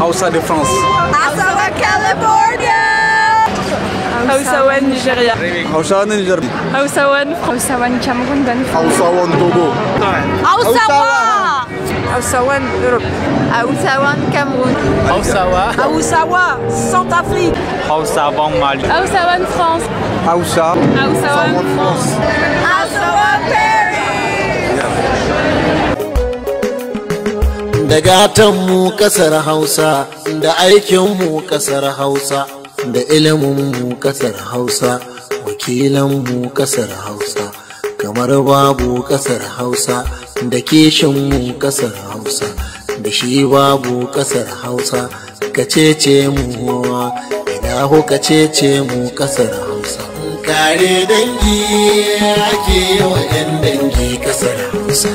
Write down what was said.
Hausa de France. Aoussawa California. Aoussawa Nigeria. Aoussawa Nigeria. Hausa Hausawan Cameroun dan. Hausawan Togo. Hausa Europe. Hausa Cameroun. Hausa Cent Centrafrique. Aoussawa Mali. Hausawan France. Hausa. Hausawan France. da gatanmu ƙasar hausa da aikinmu ƙasar hausa da iliminmu ƙasar hausa wakilanmu ƙasar hausa kamar babu ƙasar hausa da kishinmu ƙasar hausa da shi babu ƙasar hausa ka cece mu ina ku ka cece mu ƙasar hausa kare dangi ake yi 'yan dangi ƙasar hausa